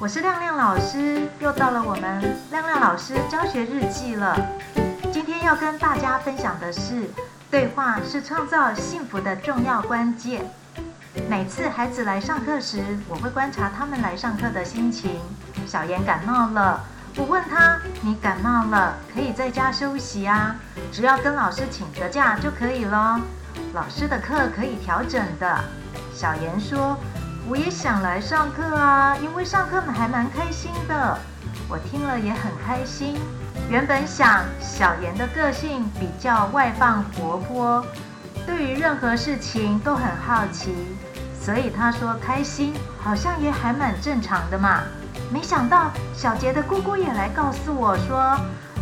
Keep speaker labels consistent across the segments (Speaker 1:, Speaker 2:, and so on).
Speaker 1: 我是亮亮老師，又到了我們亮亮老師教學日記了。今天要跟大家分享的是，對話是創造幸福的重要關鍵。每次孩子來上課時，我會觀察他們來上課的心情。小言感冒了，我問他：“你感冒了，可以在家休息啊，只要跟老師請個假就可以咯。老師的課可以調整的。”小言說。我也想來上課啊，因為上課還蠻開心的，我聽了也很開心。原本想小言的個性比較外放活潑，對於任何事情都很好奇，所以她說開心，好像也還蠻正常的嘛。沒想到小杰的姑姑也來告訴我說。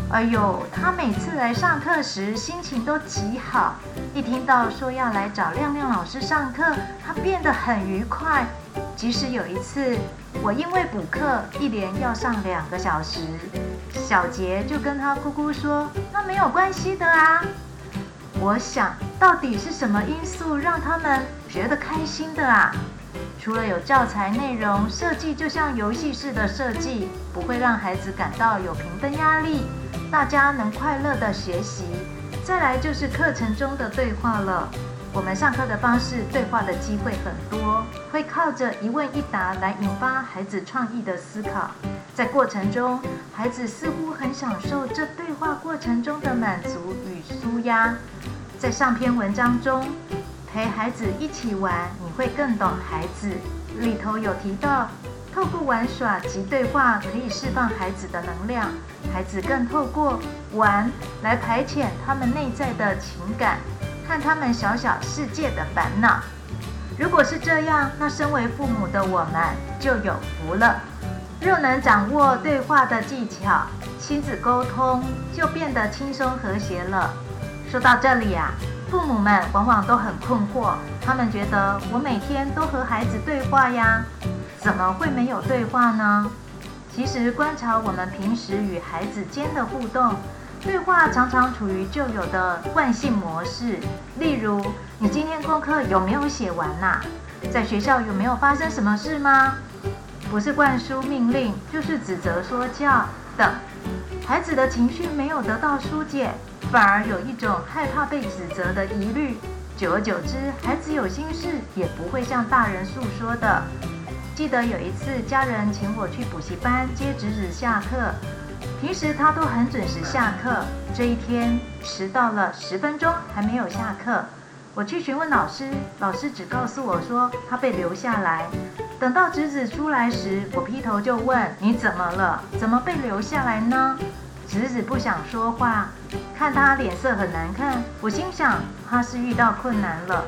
Speaker 1: 哎呦，他每次來上課時心情都極好，一聽到說要來找亮亮老師上課，他變得很愉快。即使有一次我因為補課一連要上兩個小時，小杰就跟他姑姑說：“那沒有關係的啊。”我想到底是什麼因素讓他們覺得開心的啊？除了有教材內容設計，就像遊戲式的設計，不會讓孩子感到有評分壓力，大家能快樂地學習。再來就是課程中的對話了，我們上課的方式，對話的機會很多，會靠着一問一答來引發孩子創意的思考。在過程中，孩子似乎很享受這對話過程中的滿足與舒壓。在上篇文章中，陪孩子一起玩，你會更懂孩子。裡頭有提到，透過玩耍及對話，可以釋放孩子的能量。孩子更透過玩來排遣他們內在的情感，和他們小小世界的煩惱。如果是這樣，那身為父母的我們就有福了。若能掌握對話的技巧，親子溝通就變得輕鬆和諧了。說到這裡啊。父母們往往都很困惑，他們覺得，我每天都和孩子對話呀，怎麼會沒有對話呢？其實觀察我們平時與孩子間的互動，對話常常處於舊有的慣性模式。例如，你今天功課有沒有寫完吶、啊？在學校有沒有發生什麼事嗎？不是灌輸命令，就是指責說教等，孩子的情緒沒有得到疏解，反而有一種害怕被指責的疑慮，久而久之，孩子有心事也不會向大人訴說的。記得有一次，家人請我去補習班接侄子下課，平時他都很準時下課，這一天遲到了十分鐘還沒有下課。我去詢問老師，老師只告訴我說他被留下來。等到侄子出來時，我劈頭就問：“你怎麼了？怎麼被留下來呢？”侄子不想說話，看他臉色很難看，我心想他是遇到困難了。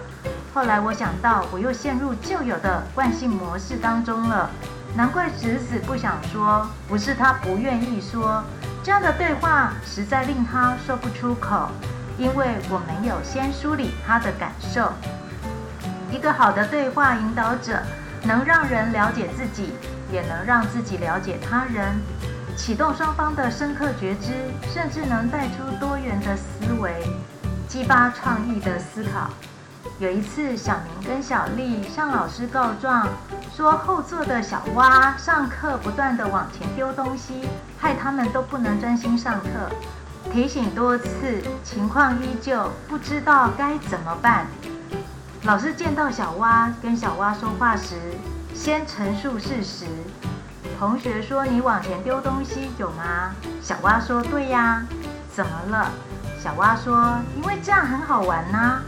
Speaker 1: 後來我想到，我又陷入舊有的慣性模式當中了，難怪侄子不想說，不是他不願意說，這樣的對話實在令他說不出口，因為我沒有先梳理他的感受。一個好的對話引導者，能讓人了解自己，也能讓自己了解他人。啟動雙方的深刻覺知，甚至能帶出多元的思維，激發創意的思考。有一次，小明跟小麗向老師告狀，說後座的小蛙上課不斷地往前丟東西，害他們都不能專心上課。提醒多次，情況依舊，不知道該怎麼辦。老師見到小蛙，跟小蛙說話時，先陳述事實。同學說：“你往前丟東西，有嗎？”小蛙說：“對呀。”怎麼了？小蛙說：“因為這樣很好玩吶、啊。”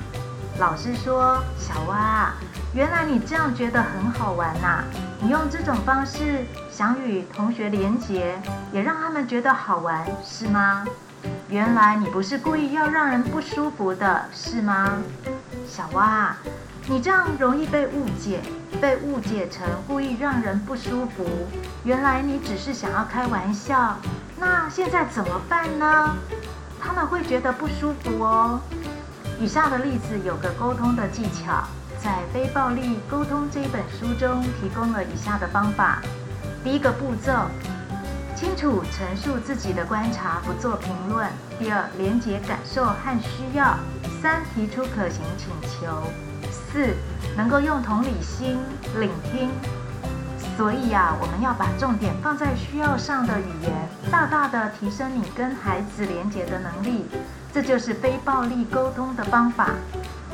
Speaker 1: 老師說：“小蛙、啊，原來你這樣覺得很好玩吶、啊？你用這種方式想與同學連接，也讓他們覺得好玩，是嗎？原來你不是故意要讓人不舒服的是嗎？”小蛙、啊。你這樣容易被誤解，被誤解成故意讓人不舒服。原來你只是想要開玩笑，那現在怎麼辦呢？他們會覺得不舒服哦。以上的例子有個溝通的技巧，在《非暴力溝通》這一本書中提供了以下的方法：第一個步驟，清楚陳述自己的觀察，不做評論；第二，連接感受和需要；三，提出可行請求。四，能夠用同理心聆聽。所以呀、啊，我們要把重點放在需要上的語言，大大的提升你跟孩子連接的能力。這就是非暴力溝通的方法。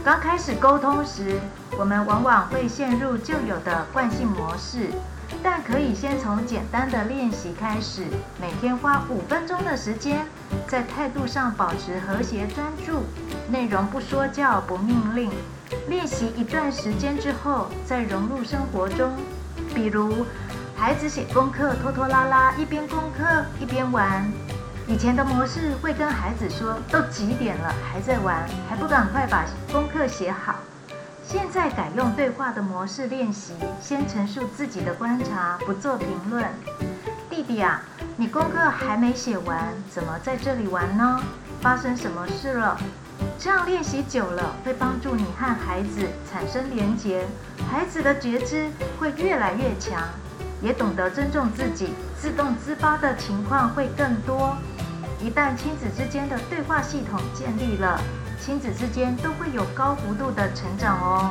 Speaker 1: 剛開始溝通時，我們往往會陷入舊有的慣性模式，但可以先從簡單的練習開始，每天花五分鐘的時間，在態度上保持和諧專注，內容不說教不命令。練習一段時間之後，再融入生活中。比如，孩子寫功課拖拖拉拉，一邊功課一邊玩。以前的模式會跟孩子說：“都幾點了，還在玩，還不趕快把功課寫好。”現在改用對話的模式練習，先陳述自己的觀察，不做評論。弟弟啊，你功課還沒寫完，怎麼在這裡玩呢？發生什麼事了？這樣練習久了，會幫助你和孩子產生連結，孩子的覺知會越來越強，也懂得尊重自己，自動自發的情況會更多。一旦親子之間的對話系統建立了，親子之間都會有高幅度的成長哦。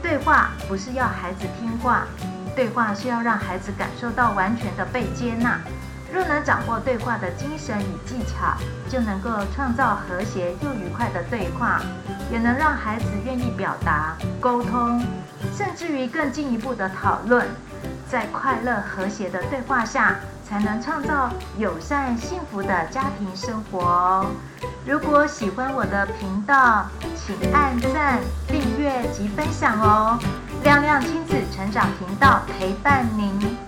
Speaker 1: 對話不是要孩子聽話，對話是要讓孩子感受到完全的被接納。若能掌握對話的精神與技巧，就能夠創造和諧又愉快的對話，也能讓孩子願意表達、溝通，甚至於更進一步的討論。在快樂和諧的對話下，才能創造友善幸福的家庭生活哦。如果喜歡我的頻道，請按讚、訂閱及分享哦。亮亮親子成長頻道陪伴您。